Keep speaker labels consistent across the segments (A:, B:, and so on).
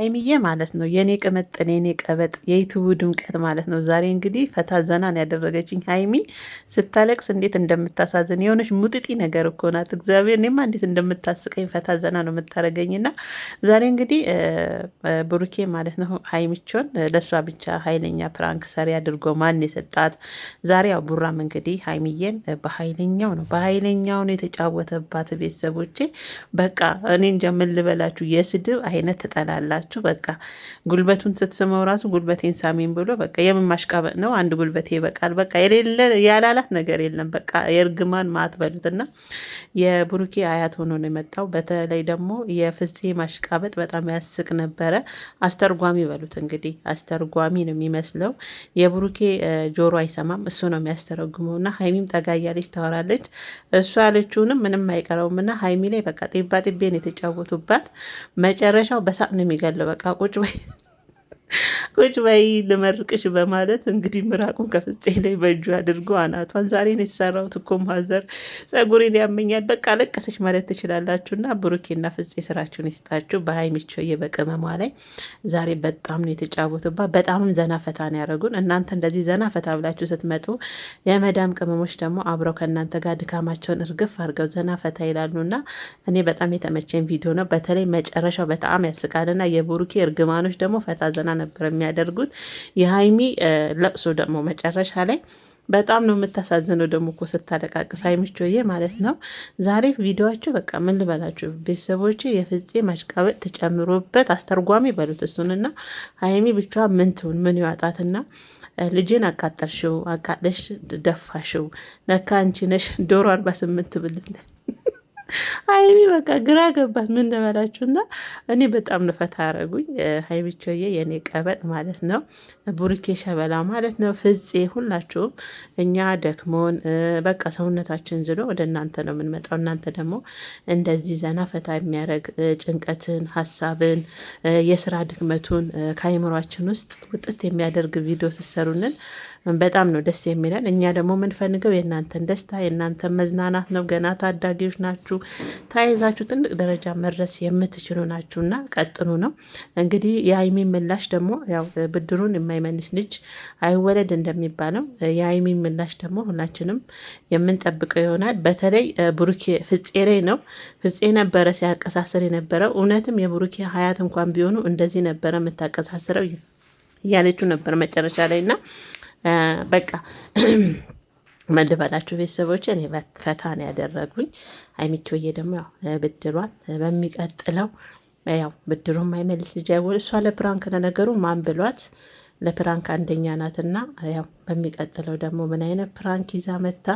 A: ሀይሚዬ ማለት ነው የኔ ቅምጥን የኔ ቀበጥ የዩቱቡ ድምቀት ማለት ነው። ዛሬ እንግዲህ ፈታ ዘናን ያደረገችኝ ሀይሚ ስታለቅስ እንዴት እንደምታሳዝን የሆነች ሙጥጢ ነገር እኮ ናት። እግዚአብሔር እኔማ እንዴት እንደምታስቀኝ ፈታ ዘና ነው የምታደርገኝና ዛሬ እንግዲህ ብሩኬ ማለት ነው ሀይሚቾን ለእሷ ብቻ ሀይለኛ ፕራንክ ሰሪ አድርጎ ማን የሰጣት ዛሬ ያው ቡራም እንግዲህ ሀይሚዬን በሀይለኛው ነው በሀይለኛው ነው የተጫወተባት። ቤተሰቦቼ በቃ እኔ እንጃ ምን ልበላችሁ የስድብ አይነት ትጠላላችሁ ትችላላችሁ። በቃ ጉልበቱን ስትስመው ራሱ ጉልበቴን ሳሚን ብሎ በቃ የምማሽቃበጥ ነው። አንድ ጉልበቴ ይበቃል። በቃ የሌለ ያላላት ነገር የለም። በቃ የእርግማን ማት በሉትና የብሩኬ አያት ሆኖ ነው የመጣው። በተለይ ደግሞ የፍፄ ማሽቃበጥ በጣም ያስቅ ነበረ። አስተርጓሚ በሉት እንግዲህ አስተርጓሚ ነው የሚመስለው። የብሩኬ ጆሮ አይሰማም፣ እሱ ነው የሚያስተረጉመው። እና ሀይሚም ጠጋ እያለች ታወራለች። እሱ ያለችውንም ምንም አይቀረውም። እና ሀይሚ ላይ በቃ ጢባ ጢቤን የተጫወቱባት መጨረሻው በሳቅ ነው የሚገለው። አለ። በቃ ቁጭ በይ ቁጭ በይ ልመርቅሽ በማለት እንግዲህ ምራቁን ከፍፄ ላይ በእጁ አድርጎ አናቷን ዛሬ ነው የተሰራሁት እኮ ማዘር ጸጉሬን ያመኛል በቃ ለቀሰች ማለት ና ብሩኬና ፍፄ ስራችሁን ይስጣችሁ። በሀይሚቸው የበቅመሟ ላይ ዛሬ በጣም ነው የተጫወቱባ፣ በጣምም ዘና ፈታ ነው ያደረጉን። እናንተ እንደዚህ ዘና ፈታ ብላችሁ ስትመጡ የመዳም ቅመሞች ደግሞ አብረው ከእናንተ ጋር ድካማቸውን እርግፍ አድርገው ዘና ፈታ ይላሉና እኔ በጣም የተመቸኝ ቪዲዮ ነው። በተለይ መጨረሻው በጣም ያስቃልና የብሩኬ እርግማኖች ደግሞ ፈታ ዘና ነበር የሚያ የሚያደርጉት። የሀይሚ ለቅሶ ደግሞ መጨረሻ ላይ በጣም ነው የምታሳዝነው። ደግሞ እኮ ስታለቃቅስ አይምቾዬ ማለት ነው። ዛሬ ቪዲዮቸው በቃ ምን ልበላችሁ ቤተሰቦች፣ የፍፄ ማሽቃበጥ ተጨምሮበት አስተርጓሚ በሉት እሱንና ሀይሚ ብቻ ምን ትሁን ምን ይዋጣትና ልጅን አቃጠርሽው፣ አቃለሽ፣ ደፋሽው፣ ለካ አንቺ ነሽ ዶሮ አርባ ስምንት ብልት ሀይሚ በቃ ግራ ገባት። ምን ልበላችሁ እና እኔ በጣም ንፈታ አረጉኝ። ሀይሚቾዬ የእኔ ቀበጥ ማለት ነው፣ ቡርኬ ሸበላ ማለት ነው፣ ፍጼ ሁላችሁም። እኛ ደክሞን በቃ ሰውነታችን ዝሎ ወደ እናንተ ነው የምንመጣው። እናንተ ደግሞ እንደዚህ ዘና ፈታ የሚያደርግ ጭንቀትን፣ ሀሳብን፣ የስራ ድክመቱን ከአይምሯችን ውስጥ ውጥት የሚያደርግ ቪዲዮ ስሰሩንን በጣም ነው ደስ የሚለን። እኛ ደግሞ የምንፈልገው የእናንተን ደስታ የእናንተን መዝናናት ነው። ገና ታዳጊዎች ናችሁ፣ ተያይዛችሁ ትልቅ ደረጃ መድረስ የምትችሉ እና ቀጥኑ ነው እንግዲህ። የሀይሚ ምላሽ ደግሞ ያው ብድሩን የማይመልስ ልጅ አይወለድ እንደሚባለው የሀይሚ ምላሽ ደግሞ ሁላችንም የምንጠብቀው ይሆናል። በተለይ ብሩኬ ፍፄ ላይ ነው ፍፄ ነበረ ሲያቀሳስር የነበረው እውነትም የብሩኬ ሀያት እንኳን ቢሆኑ እንደዚህ ነበረ የምታቀሳስረው እያለችው ነበር መጨረሻ ላይ እና በቃ ምን ልበላችሁ ቤተሰቦች፣ እኔ ፈታን ነው ያደረጉኝ። አይሚቾዬ ደግሞ ያው ብድሯን በሚቀጥለው ያው ብድሩ የማይመልስ ልጅ አይወ እሷ ለፕራንክ ነው ማን ብሏት ለፕራንክ አንደኛ ናትና ያው በሚቀጥለው ደግሞ ምን አይነት ፕራንክ ይዛ መታ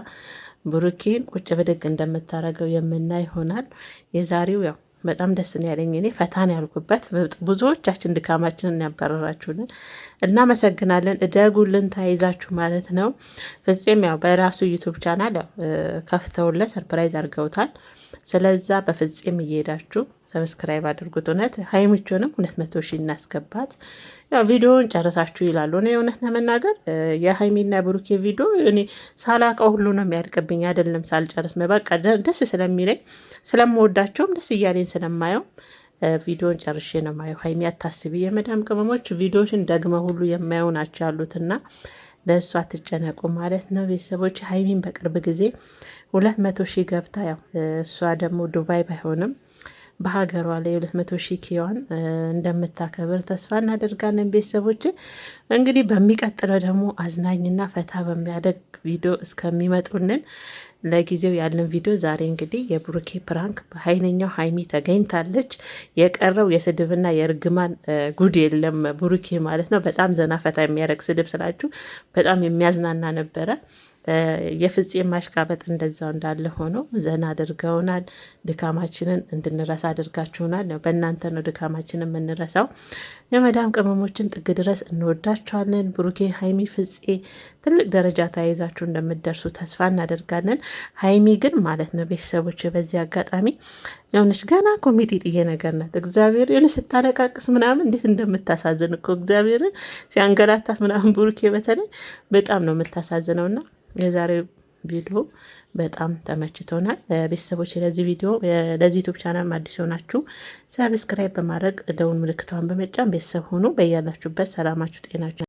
A: ብሩኬን ቁጭ ብድግ እንደምታረገው የምና ይሆናል። የዛሬው ያው በጣም ደስ ነው ያለኝ። እኔ ፈታን ያልኩበት ብዙዎቻችን ድካማችንን ያበረራችሁልን እናመሰግናለን። እደጉልን ተያይዛችሁ ማለት ነው። ፍጼም ያው በራሱ ዩቱብ ቻናል ከፍተውለ ሰርፕራይዝ አድርገውታል። ስለዛ በፍጼም እየሄዳችሁ ሰብስክራይብ አድርጉት። እውነት ሀይሚቾንም ሁለት መቶ ሺህ እናስገባት። ያው ቪዲዮውን ጨርሳችሁ ይላሉ። እኔ እውነት ለመናገር የሀይሚና ብሩኬ ቪዲዮ እኔ ሳላቀው ሁሉ ነው የሚያድቅብኝ። አይደለም ሳልጨርስ በቃ ደስ ስለሚለኝ ስለምወዳቸውም ደስ እያለኝ ስለማየው ቪዲዮን ጨርሼ ነው ማየው። ሀይሚ አታስቢ፣ የመዳም ቅመሞች ቪዲዮችን ደግመ ሁሉ የማየው ናቸው ያሉትና ለእሱ አትጨነቁ ማለት ነው። ቤተሰቦች ሀይሚን በቅርብ ጊዜ ሁለት መቶ ሺህ ገብታ ያው እሷ ደግሞ ዱባይ ባይሆንም በሀገሯ ላይ ሁለት መቶ ሺህ ኪዋን እንደምታከብር ተስፋ እናደርጋለን። ቤተሰቦች እንግዲህ በሚቀጥለው ደግሞ አዝናኝና ፈታ በሚያደርግ ቪዲዮ እስከሚመጡንን ለጊዜው ያለን ቪዲዮ ዛሬ እንግዲህ የብሩኬ ፕራንክ በኃይለኛው ሀይሚ ተገኝታለች። የቀረው የስድብና የእርግማን ጉድ የለም ብሩኬ ማለት ነው። በጣም ዘና ፈታ የሚያደርግ ስድብ ስላችሁ በጣም የሚያዝናና ነበረ። የፍፄ ማሽቃበጥ እንደዛው እንዳለ ሆኖ ዘና አድርገውናል። ድካማችንን እንድንረሳ አድርጋችሁናል። ነው በእናንተ ነው ድካማችንን የምንረሳው። የመዳም ቅመሞችን ጥግ ድረስ እንወዳችኋለን። ብሩኬ፣ ሀይሚ፣ ፍፄ ትልቅ ደረጃ ተያይዛችሁ እንደምደርሱ ተስፋ እናደርጋለን። ሀይሚ ግን ማለት ነው ቤተሰቦች፣ በዚህ አጋጣሚ የሆነች ገና ጥዬ ነገር ናት። እግዚአብሔር የሆነ ስታለቃቅስ ምናምን እንዴት እንደምታሳዝን እኮ እግዚአብሔርን ሲያንገላታት ምናምን ብሩኬ በተለይ በጣም ነው የምታሳዝነውና የዛሬው ቪዲዮ በጣም ተመችቶናል። ቤተሰቦች ለዚህ ቪዲዮ ለዚህ ዩቱብ ቻናል አዲስ ሆናችሁ ሰብስክራይብ በማድረግ ደውን ምልክቷን በመጫን ቤተሰብ ሆኑ። በያላችሁበት ሰላማችሁ ጤናችሁ